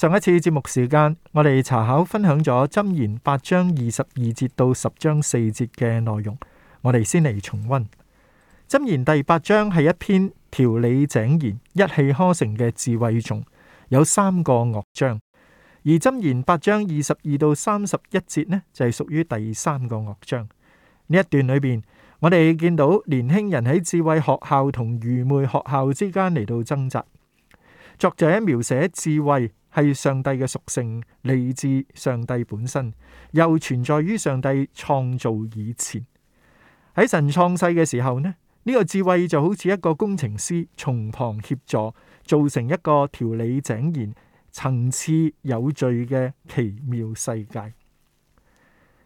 上一次節目時間，我哋查考分享咗《箴言》八章二十二節到十章四節嘅內容，我哋先嚟重溫《箴言》第八章係一篇條理井然、一氣呵成嘅智慧頌，有三個樂章。而《箴言》八章二十二到三十一節呢，就係、是、屬於第三個樂章。呢一段裏邊，我哋見到年輕人喺智慧學校同愚昧學校之間嚟到掙扎。作者描寫智慧。係上帝嘅屬性，嚟自上帝本身，又存在於上帝創造以前。喺神創世嘅時候呢，呢、這個智慧就好似一個工程師，從旁協助，造成一個條理井然、層次有序嘅奇妙世界。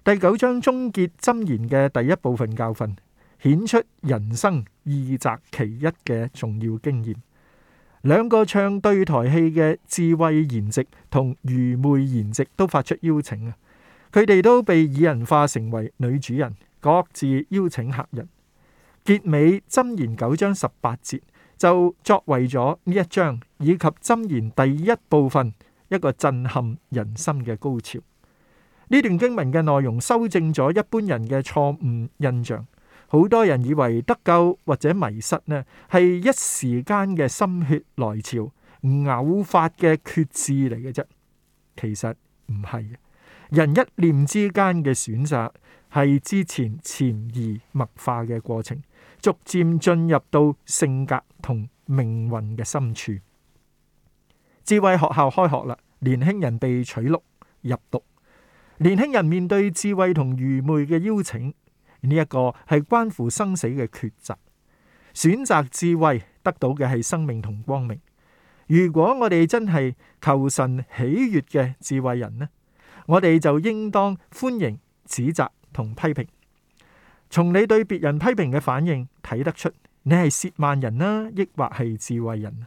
第九章終結箴言嘅第一部分教訓，顯出人生二擇其一嘅重要經驗。兩個唱對台戲嘅智慧筵席同愚昧筵席都發出邀請啊！佢哋都被擬人化成為女主人，各自邀請客人。結尾箴言九章十八節就作為咗呢一章以及箴言第一部分一個震撼人心嘅高潮。呢段經文嘅內容修正咗一般人嘅錯誤印象。好多人以為得救或者迷失呢，係一時間嘅心血來潮、偶發嘅決志嚟嘅啫。其實唔係，人一念之間嘅選擇係之前潛移默化嘅過程，逐漸進入到性格同命運嘅深處。智慧學校開學啦，年輕人被取錄入讀，年輕人面對智慧同愚昧嘅邀請。呢一個係關乎生死嘅抉擇，選擇智慧得到嘅係生命同光明。如果我哋真係求神喜悅嘅智慧人呢，我哋就應當歡迎指責同批評。從你對別人批評嘅反應睇得出，你係褻慢人啦，抑或係智慧人。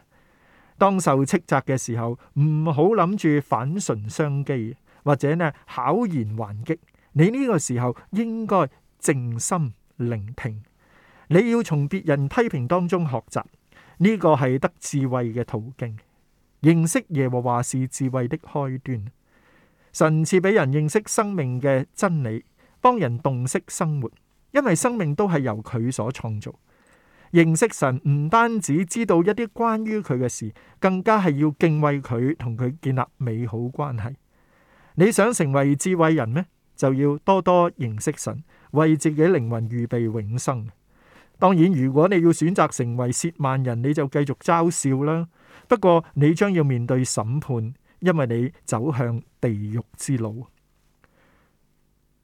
當受斥責嘅時候，唔好諗住反唇相譏，或者呢巧言還擊。你呢個時候應該。靜心聆聽，你要從別人批評當中學習，呢個係得智慧嘅途徑。認識耶和華是智慧的開端，神賜俾人認識生命嘅真理，幫人洞悉生活，因為生命都係由佢所創造。認識神唔單止知道一啲關於佢嘅事，更加係要敬畏佢，同佢建立美好關係。你想成為智慧人咩？就要多多認識神，為自己靈魂預備永生。當然，如果你要選擇成為褻慢人，你就繼續嘲笑啦。不過，你將要面對審判，因為你走向地獄之路。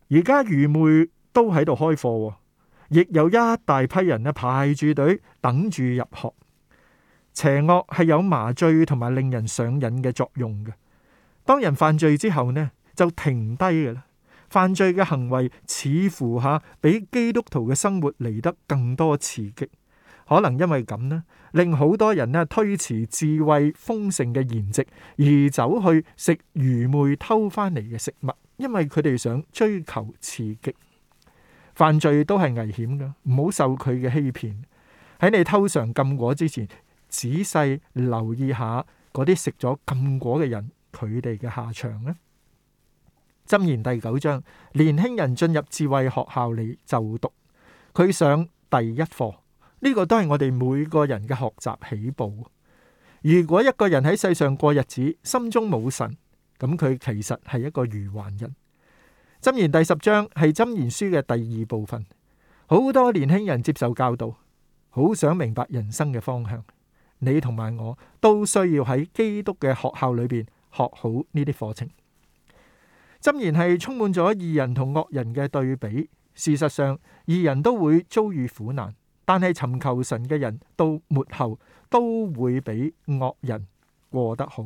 而家愚昧都喺度開課，亦有一大批人呢排住隊等住入學。邪惡係有麻醉同埋令人上癮嘅作用嘅。當人犯罪之後呢，就停低㗎喇。犯罪嘅行為似乎吓比基督徒嘅生活嚟得更多刺激，可能因為咁咧，令好多人咧推遲智慧豐盛嘅筵席，而走去食愚昧偷返嚟嘅食物，因為佢哋想追求刺激。犯罪都係危險㗎，唔好受佢嘅欺騙。喺你偷嘗禁果之前，仔細留意下嗰啲食咗禁果嘅人，佢哋嘅下場咧。箴言第九章，年輕人進入智慧學校裏就讀，佢上第一課，呢個都係我哋每個人嘅學習起步。如果一個人喺世上過日子，心中冇神，咁佢其實係一個愚頑人。箴言第十章係箴言書嘅第二部分，好多年輕人接受教導，好想明白人生嘅方向。你同埋我都需要喺基督嘅學校裏邊學好呢啲課程。箴言係充滿咗義人同惡人嘅對比。事實上，義人都會遭遇苦難，但係尋求神嘅人到末後都會比惡人過得好，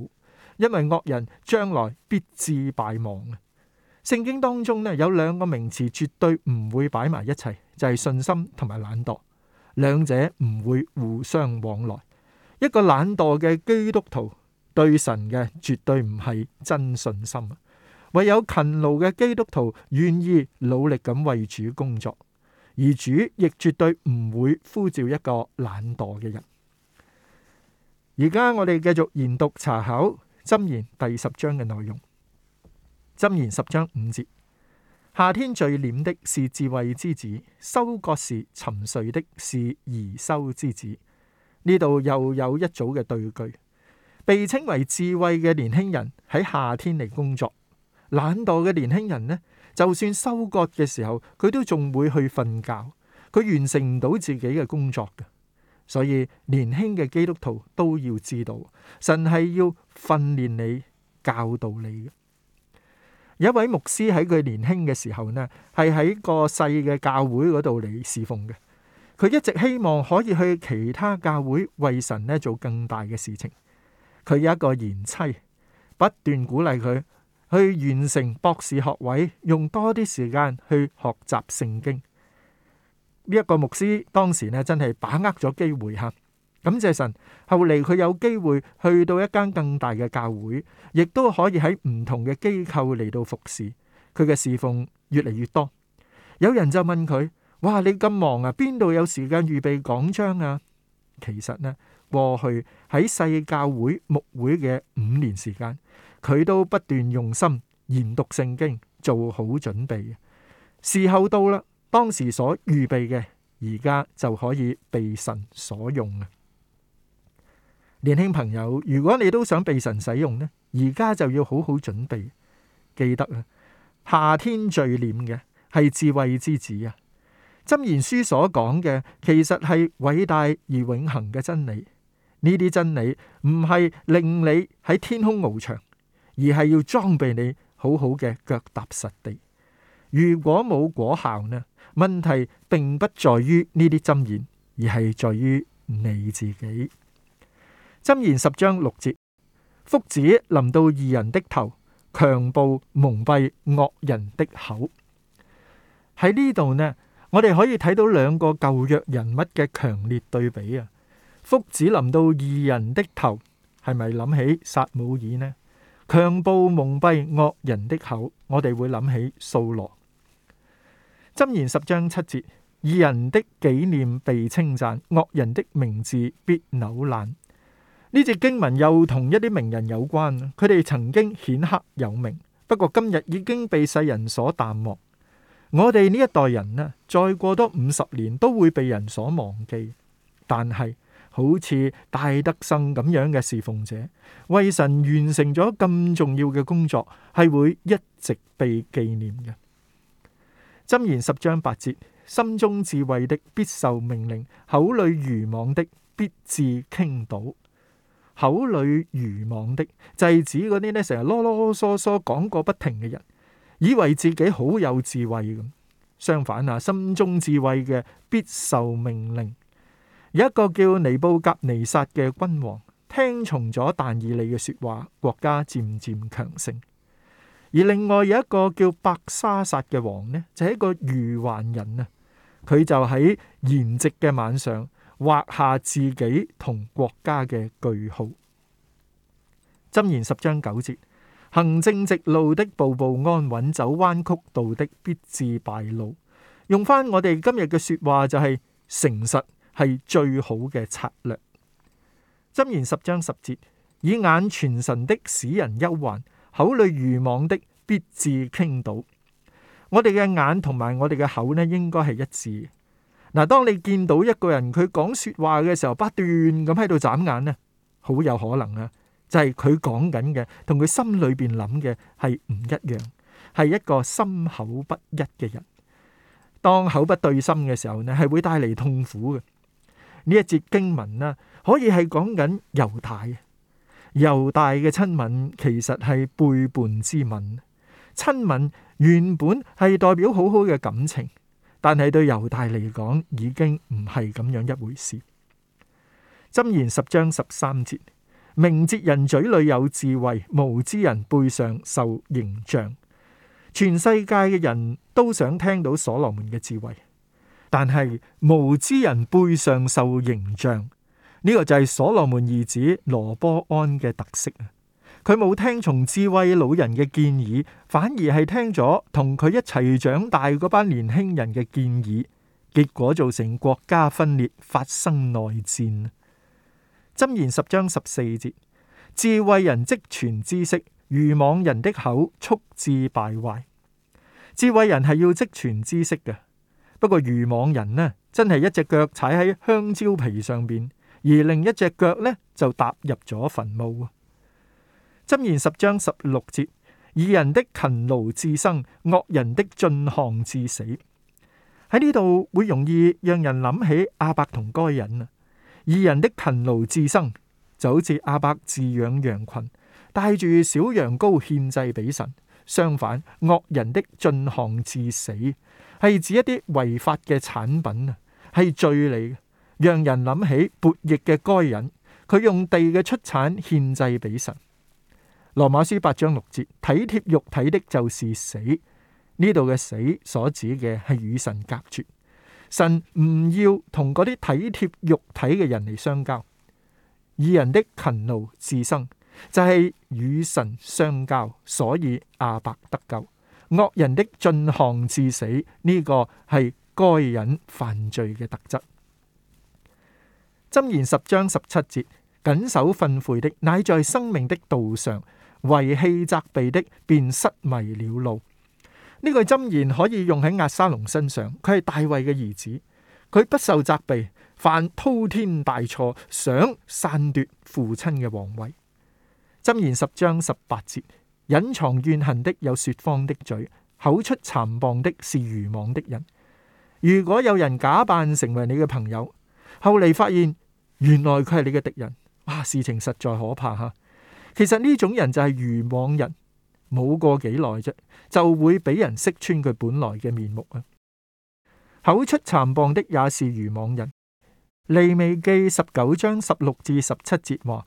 因為惡人將來必至敗亡嘅。聖經當中呢，有兩個名詞絕對唔會擺埋一齊，就係、是、信心同埋懶惰，兩者唔會互相往來。一個懶惰嘅基督徒對神嘅絕對唔係真信心。唯有勤勞嘅基督徒願意努力咁為主工作，而主亦絕對唔會呼召一個懶惰嘅人。而家我哋繼續研讀查考《箴言》第十章嘅內容，《箴言》十章五節：夏天聚斂的是智慧之子，收割時沉睡的是貽羞之子。呢度又有一組嘅對句，被稱為智慧嘅年輕人喺夏天嚟工作。懶惰嘅年輕人呢，就算收割嘅時候，佢都仲會去瞓覺，佢完成唔到自己嘅工作嘅。所以年輕嘅基督徒都要知道，神係要訓練你、教導你嘅。有一位牧師喺佢年輕嘅時候呢，係喺個細嘅教會嗰度嚟侍奉嘅。佢一直希望可以去其他教會為神呢做更大嘅事情。佢有一個賢妻，不斷鼓勵佢。去完成博士學位，用多啲時間去學習聖經。呢一個牧師當時咧真係把握咗機會哈，感謝神。後嚟佢有機會去到一間更大嘅教會，亦都可以喺唔同嘅機構嚟到服侍，佢嘅侍奉越嚟越多。有人就問佢：哇，你咁忙啊，邊度有時間預備講章啊？其實呢，過去喺世教會牧會嘅五年時間。佢都不斷用心研讀聖經，做好準備。時候到啦，當時所預備嘅，而家就可以被神所用啊！年輕朋友，如果你都想被神使用呢，而家就要好好準備。記得啊，夏天聚斂嘅係智慧之子啊。箴言書所講嘅，其實係偉大而永恆嘅真理。呢啲真理唔係令你喺天空翱翔。而係要裝備你，好好嘅腳踏實地。如果冇果效呢？問題並不在於呢啲箴言，而係在於你自己。箴言十章六節：福祉臨到義人的頭，強暴蒙蔽惡人的口。喺呢度呢，我哋可以睇到兩個舊約人物嘅強烈對比啊。福祉臨到義人的頭，係咪諗起撒母耳呢？強暴蒙蔽惡人的口，我哋會諗起掃羅。箴言十章七節：義人的紀念被稱讚，惡人的名字必朽爛。呢節經文又同一啲名人有關，佢哋曾經顯赫有名，不過今日已經被世人所淡忘。我哋呢一代人呢，再過多五十年都會被人所忘記，但係。好似戴德生咁樣嘅侍奉者，為神完成咗咁重要嘅工作，係會一直被紀念嘅。箴言十章八節：心中智慧的必受命令，口裏愚妄的必自傾倒。口裏愚妄的就係指嗰啲呢，成日囉囉嗦嗦講個不停嘅人，以為自己好有智慧噉。相反啊，心中智慧嘅必受命令。有一個叫尼布甲尼撒嘅君王，聽從咗但以利嘅說話，國家漸漸強盛。而另外有一個叫白沙撒嘅王呢，就係、是、一個愚頑人啊。佢就喺筵席嘅晚上畫下自己同國家嘅句號。「箴言十章九節，行正直路的步步安穩，走彎曲道的必致敗露。」用返我哋今日嘅說話就係誠實。係最好嘅策略。箴言十章十節：以眼傳神的使人憂患，口裏愚妄的必致傾倒。我哋嘅眼同埋我哋嘅口咧，應該係一致。嗱，當你見到一個人佢講說話嘅時候不斷咁喺度眨眼呢，好有可能啊，就係佢講緊嘅同佢心裏邊諗嘅係唔一樣，係一個心口不一嘅人。當口不對心嘅時候呢，係會帶嚟痛苦嘅。呢一節經文呢，可以係講緊猶大，猶大嘅親吻其實係背叛之吻。親吻原本係代表好好嘅感情，但係對猶大嚟講已經唔係咁樣一回事。箴言十章十三節：明哲人嘴裏有智慧，無知人背上受刑杖。全世界嘅人都想聽到所羅門嘅智慧。但係無知人背上受形象，呢、這個就係所羅門兒子羅波安嘅特色。佢冇聽從智慧老人嘅建議，反而係聽咗同佢一齊長大嗰班年輕人嘅建議，結果造成國家分裂，發生內戰。箴言十章十四節：智慧人積存知識，愚妄人的口，速致敗壞。智慧人係要積存知識嘅。不過愚妄人呢，真係一隻腳踩喺香蕉皮上邊，而另一隻腳呢就踏入咗墳墓。箴言十章十六節：義人的勤勞致生，惡人的進項致死。喺呢度會容易讓人諗起阿伯同該人啊。義人的勤勞致生，就好似阿伯飼養羊群，帶住小羊羔獻祭俾神。相反，惡人的進項致死。係指一啲違法嘅產品啊，係罪嚟嘅，讓人諗起叛逆嘅該隱，佢用地嘅出產獻祭俾神。羅馬書八章六節，體貼肉體的就是死，呢度嘅死所指嘅係與神隔絕。神唔要同嗰啲體貼肉體嘅人嚟相交，以人的勤勞自生，就係、是、與神相交，所以亞伯得救。惡人的進項致死，呢、這個係該人犯罪嘅特質。箴言十章十七節：謹守訓誨的，乃在生命的道上；遺棄責備的，便失迷了路。呢句箴言可以用喺押沙龍身上，佢係大衛嘅兒子，佢不受責備，犯滔天大錯，想篡奪父親嘅皇位。箴言十章十八節。隱藏怨恨的有說謊的嘴，口出讒謗的是愚妄的人。如果有人假扮成為你嘅朋友，後嚟發現原來佢係你嘅敵人，哇！事情實在可怕吓。其實呢種人就係愚妄人，冇過幾耐啫，就會俾人識穿佢本來嘅面目啊！口出讒謗的也是愚妄人。利未記十九章十六至十七節話。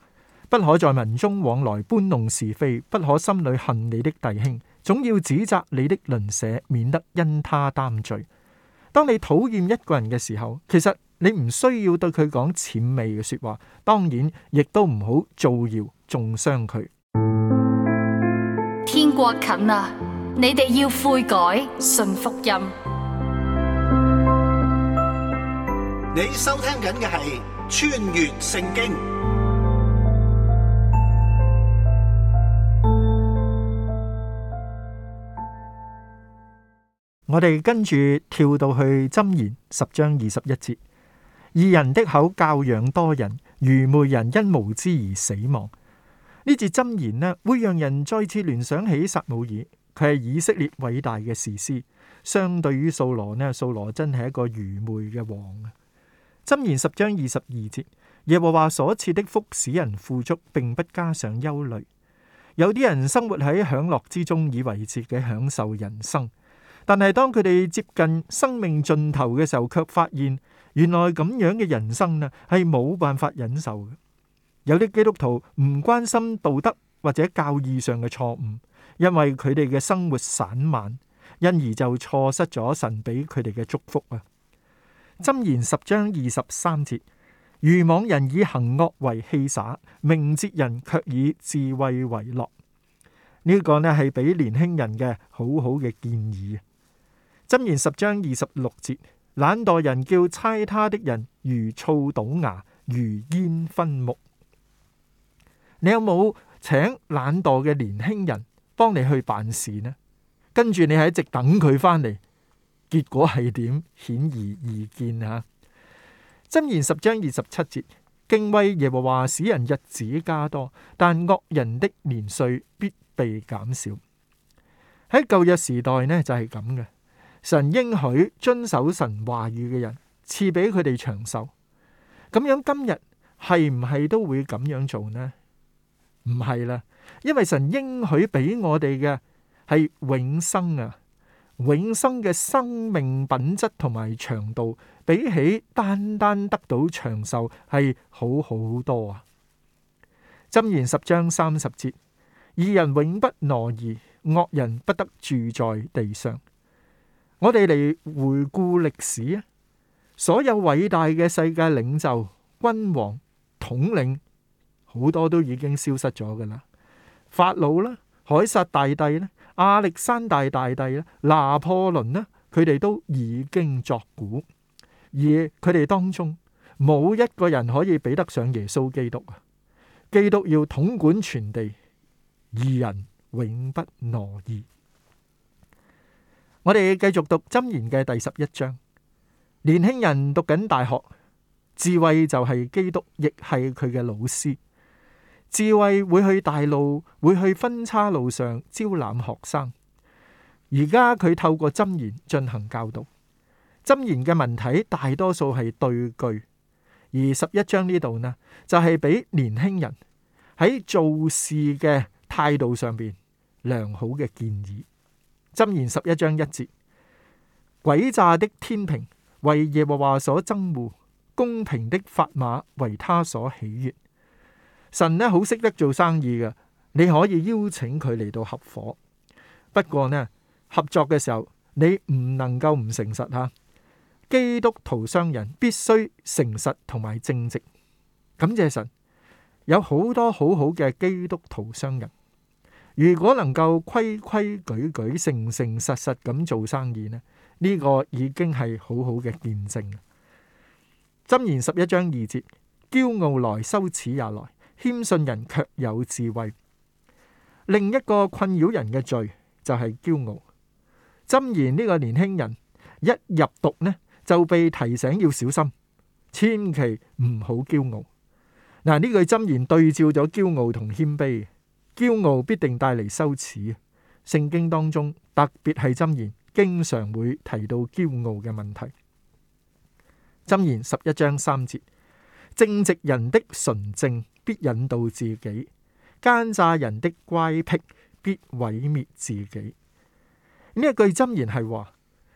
不可在民中往來搬弄是非，不可心裏恨你的弟兄，總要指責你的鄰舍，免得因他擔罪。當你討厭一個人嘅時候，其實你唔需要對佢講諂媚嘅說話，當然亦都唔好造謠，中傷佢。天國近啊，你哋要悔改，信福音。你收聽緊嘅係《穿越聖經》。我哋跟住跳到去箴言十章二十一節，二人的口教養多人，愚昧人因無知而死亡。呢節箴言呢，會讓人再次聯想起撒母耳，佢係以色列偉大嘅士師，相對於掃羅呢，掃羅真係一個愚昧嘅王啊！箴言十章二十二節，耶和華所賜的福使人富足，並不加上憂慮。有啲人生活喺享樂之中，以為自己享受人生。但係，當佢哋接近生命盡頭嘅時候，卻發現原來咁樣嘅人生啊，係冇辦法忍受嘅。有啲基督徒唔關心道德或者教義上嘅錯誤，因為佢哋嘅生活散漫，因而就錯失咗神俾佢哋嘅祝福啊。箴言十章二十三節：愚妄人以行惡為戲耍，明哲人卻以智慧為樂。呢個咧係俾年輕人嘅好好嘅建議。箴言十章二十六節：懶惰人叫差他的人如醋倒牙，如煙薰目。你有冇請懶惰嘅年輕人幫你去辦事呢？跟住你係一直等佢返嚟，結果係點？顯而易見啊！箴言十章二十七節：敬畏耶和華使人日子加多，但惡人的年歲必被減少。喺舊約時代呢，就係咁嘅。神應許遵守神話語嘅人，賜俾佢哋長壽。咁樣今日係唔係都會咁樣做呢？唔係啦，因為神應許俾我哋嘅係永生啊，永生嘅生命品質同埋長度，比起單單得到長壽係好好多啊。《箴言》十章三十節：義人永不挪移，惡人不得住在地上。我哋嚟回顧歷史啊，所有偉大嘅世界領袖、君王統領，好多都已經消失咗噶啦。法老啦、凱撒大帝啦、亞歷山大大帝啦、拿破崙啦，佢哋都已經作古，而佢哋當中冇一個人可以比得上耶穌基督啊！基督要統管全地，義人永不挪移。我哋繼續讀箴言嘅第十一章。年輕人讀緊大學，智慧就係基督，亦係佢嘅老師。智慧會去大路，會去分叉路上招攬學生。而家佢透過箴言進行教導。箴言嘅文體大多數係對句，而十一章呢度呢，就係俾年輕人喺做事嘅態度上邊良好嘅建議。箴言十一章一節，詭詐的天平為耶和華所憎惡，公平的法碼為他所喜悅。神呢，好識得做生意嘅，你可以邀請佢嚟到合夥。不過呢，合作嘅時候，你唔能夠唔誠實啊！基督徒商人必須誠實同埋正直。感謝神，有好多好好嘅基督徒商人。如果能夠規規矩矩、誠誠實實咁做生意呢？呢個已經係好好嘅見證。箴言十一章二節：驕傲來，羞恥也來；謙遜人卻有智慧。另一個困擾人嘅罪就係驕傲。箴言呢個年輕人一入讀呢，就被提醒要小心，千祈唔好驕傲。嗱，呢句箴言對照咗驕傲同謙卑。驕傲必定帶嚟羞恥。聖經當中特別係箴言，經常會提到驕傲嘅問題。箴言十一章三節：正直人的純正必引導自己，奸詐人的乖僻必毀滅自己。呢一句箴言係話，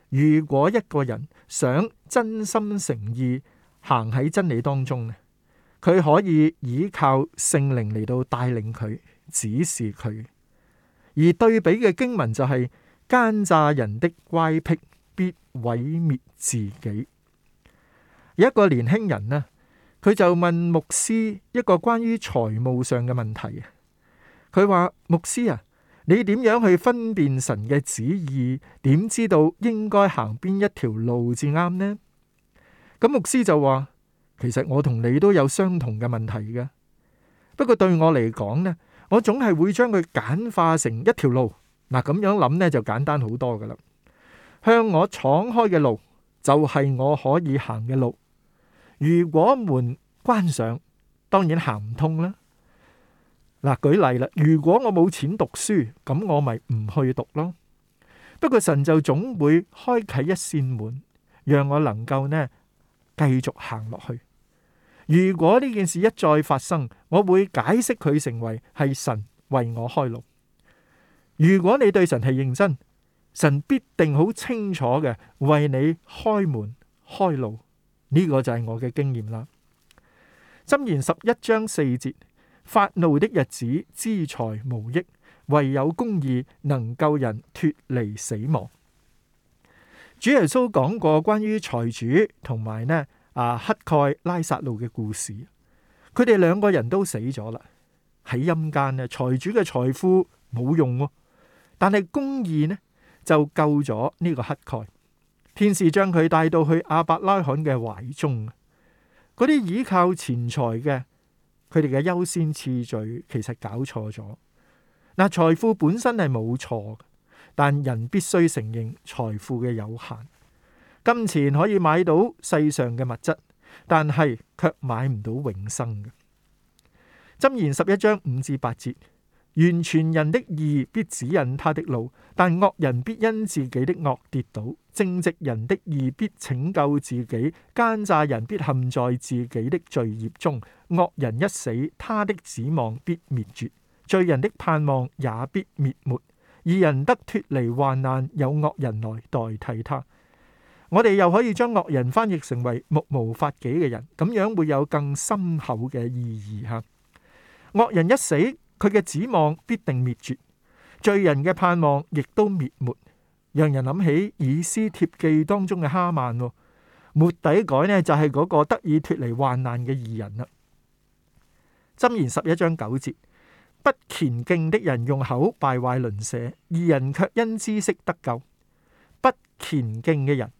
如果一個人想真心誠意行喺真理當中，佢可以依靠聖靈嚟到帶領佢。指示佢，而對比嘅經文就係：奸詐人的乖僻必毀滅自己。有一個年輕人呢，佢就問牧師一個關於財務上嘅問題。佢話：牧師啊，你點樣去分辨神嘅旨意？點知道應該行邊一條路至啱呢？咁牧師就話：其實我同你都有相同嘅問題嘅，不過對我嚟講呢，我總係會將佢簡化成一條路，嗱咁樣諗呢就簡單好多噶啦。向我敞開嘅路就係我可以行嘅路，如果門關上，當然行唔通啦。嗱，舉例啦，如果我冇錢讀書，咁我咪唔去讀咯。不過神就總會開啟一扇門，讓我能夠呢繼續行落去。如果呢件事一再發生，我會解釋佢成為係神為我開路。如果你對神係認真，神必定好清楚嘅為你開門開路。呢、這個就係我嘅經驗啦。箴言十一章四節：發怒的日子，資財無益；唯有公義能救人脫離死亡。主耶穌講過關於財主同埋呢？啊，乞丐拉撒路嘅故事，佢哋兩個人都死咗啦，喺陰間咧，財主嘅財富冇用，哦，但係公義呢就救咗呢個乞丐，天使將佢帶到去亞伯拉罕嘅懷中，嗰啲依靠錢財嘅，佢哋嘅優先次序其實搞錯咗，嗱，財富本身係冇錯，但人必須承認財富嘅有限。金錢可以買到世上嘅物質，但係卻買唔到永生嘅。箴言十一章五至八節：完全人的義必指引他的路，但惡人必因自己的惡跌倒；正直人的義必拯救自己，奸詐人必陷在自己的罪孽中。惡人一死，他的指望必滅絕；罪人的盼望也必滅沒，義人得脫離患難，有惡人來代替他。我哋又可以將惡人翻譯成為目無法紀嘅人，咁樣會有更深厚嘅意義吓。惡人一死，佢嘅指望必定滅絕，罪人嘅盼望亦都滅沒，讓人諗起以斯帖記當中嘅哈曼。末底改呢就係嗰個得以脫離患難嘅義人啦。箴言十一章九節：不虔敬的人用口敗壞鄰舍，義人卻因知識得救。不虔敬嘅人，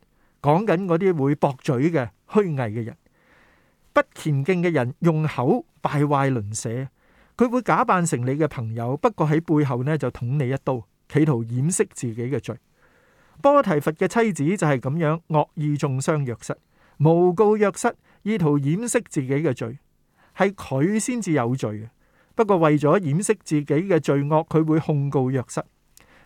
講緊嗰啲會駁嘴嘅虛偽嘅人，不虔敬嘅人用口敗壞鄰舍。佢會假扮成你嘅朋友，不過喺背後呢就捅你一刀，企圖掩飾自己嘅罪。波提佛嘅妻子就係咁樣惡意中傷約瑟，誣告約瑟，意圖掩飾自己嘅罪，係佢先至有罪嘅。不過為咗掩飾自己嘅罪惡，佢會控告約瑟。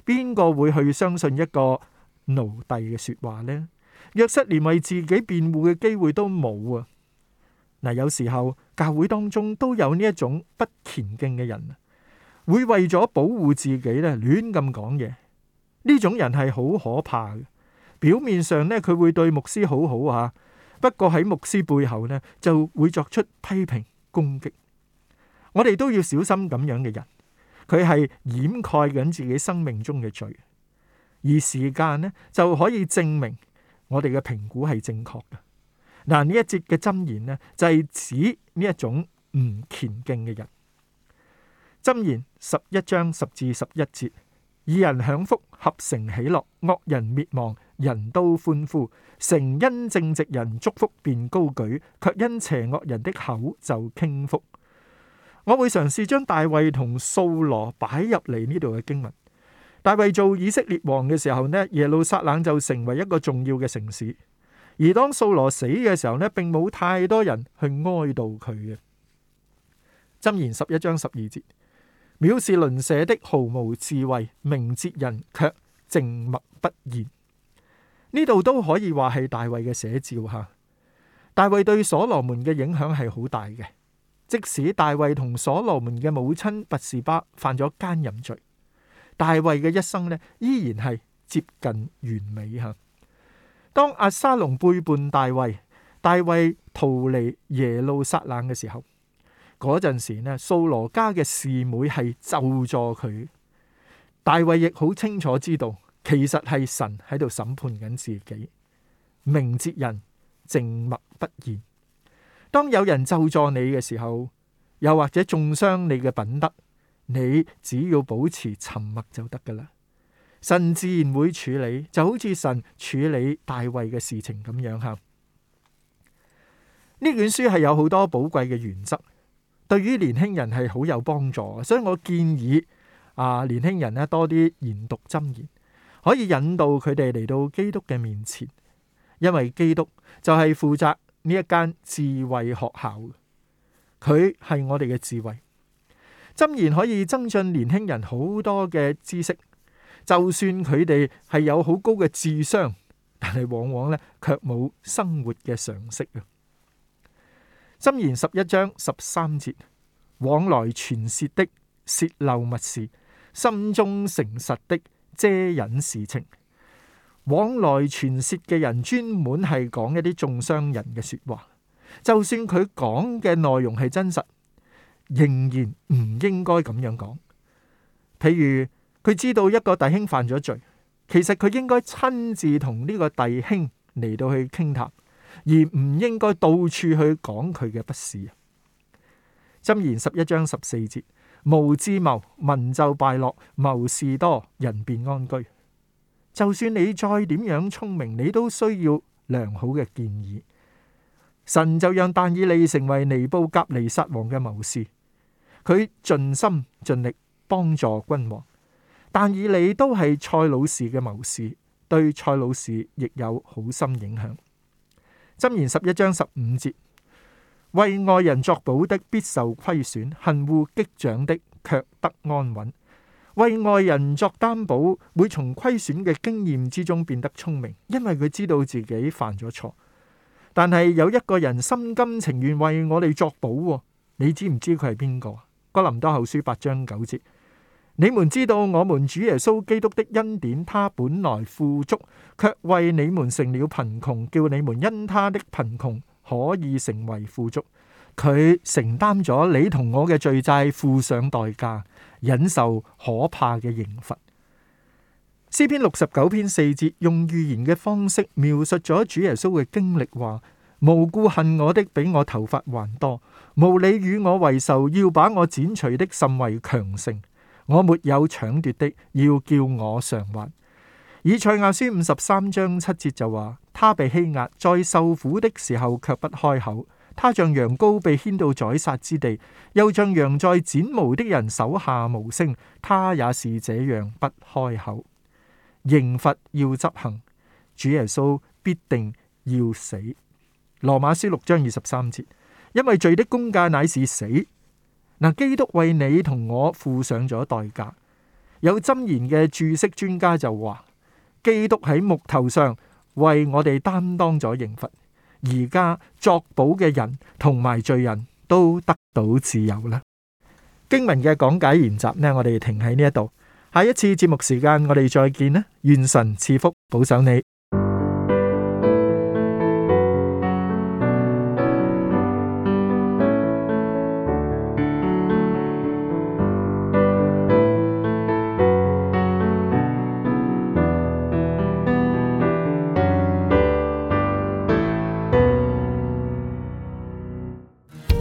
邊個會去相信一個奴隸嘅說話呢？若失連為自己辯護嘅機會都冇啊！嗱，有時候教會當中都有呢一種不虔敬嘅人，會為咗保護自己咧，亂咁講嘢。呢種人係好可怕嘅。表面上咧，佢會對牧師好好啊，不過喺牧師背後咧，就會作出批評攻擊。我哋都要小心咁樣嘅人，佢係掩蓋緊自己生命中嘅罪，而時間咧就可以證明。我哋嘅評估係正確嘅。嗱，呢一節嘅箴言呢，就係指呢一種唔虔敬嘅人。箴言十一章十至十一節：「義人享福，合城喜樂；惡人滅亡，人都歡呼。」城因正直人祝福便高舉，卻因邪惡人的口就傾覆。我會嘗試將大衛同掃羅擺入嚟呢度嘅經文。大衛做以色列王嘅時候呢，耶路撒冷就成為一個重要嘅城市。而當掃羅死嘅時候呢，並冇太多人去哀悼佢嘅。箴言十一章十二節，藐視鄰舍的毫無智慧，明哲人卻靜默不言。呢度都可以話係大衛嘅寫照吓。大衛對所羅門嘅影響係好大嘅，即使大衛同所羅門嘅母親拔示巴犯咗奸淫罪。大衛嘅一生咧，依然係接近完美吓。當押沙龍背叛大衛，大衛逃離耶路撒冷嘅時候，嗰陣時呢，掃羅家嘅示每係咒詛佢。大衛亦好清楚知道，其實係神喺度審判緊自己。明哲人靜默不言。當有人咒詛你嘅時候，又或者中傷你嘅品德，你只要保持沉默就得㗎喇，神自然會處理，就好似神處理大衛嘅事情咁樣吓。呢卷書係有好多寶貴嘅原則，對於年輕人係好有幫助，所以我建議啊年輕人咧多啲研讀箴言，可以引導佢哋嚟到基督嘅面前，因為基督就係負責呢一間智慧學校，佢係我哋嘅智慧。箴言可以增進年輕人好多嘅知識，就算佢哋係有好高嘅智商，但係往往咧卻冇生活嘅常識啊。箴言十一章十三節，往來傳舌的泄漏密事，心中誠實的遮隱事情，往來傳舌嘅人專門係講一啲中傷人嘅說話，就算佢講嘅內容係真實。仍然唔應該咁樣講。譬如佢知道一個弟兄犯咗罪，其實佢應該親自同呢個弟兄嚟到去傾談，談，而唔應該到處去講佢嘅不是。箴言十一章十四節：無智謀，民就敗落；謀事多，人便安居。就算你再點樣聰明，你都需要良好嘅建議。神就讓但以利成為尼布甲尼撒王嘅謀士。佢盡心盡力幫助君王，但以理都係蔡老士嘅謀士，對蔡老士亦有好深影響。箴言十一章十五節：為外人作保的必受虧損，恨惡擊掌的卻得安穩。為外人作擔保會從虧損嘅經驗之中變得聰明，因為佢知道自己犯咗錯。但係有一個人心甘情願為我哋作保，哦，你知唔知佢係邊個？哥林多後書八章九節，你們知道我們主耶穌基督的恩典，他本來富足，却為你們成了貧窮，叫你們因他的貧窮可以成為富足。佢承擔咗你同我嘅罪債，付上代價，忍受可怕嘅刑罰。詩篇六十九篇四節用預言嘅方式描述咗主耶穌嘅經歷，話，無故恨我的比我頭髮還多。無理與我為仇，要把我剪除的甚為強盛。我沒有搶奪的，要叫我償還。以賽亞書五十三章七節就話：他被欺壓，在受苦的時候却不開口。他像羊羔被牽到宰殺之地，又像羊在剪毛的人手下無聲。他也是這樣不開口。刑罰要執行，主耶穌必定要死。羅馬書六章二十三節。因為罪的工價乃是死，嗱，基督為你同我付上咗代價。有箴言嘅註釋專家就話，基督喺木頭上為我哋擔當咗刑罰，而家作保嘅人同埋罪人都得到自由啦。經文嘅講解研習呢，我哋停喺呢一度，下一次節目時間我哋再見啦。願神賜福保守你。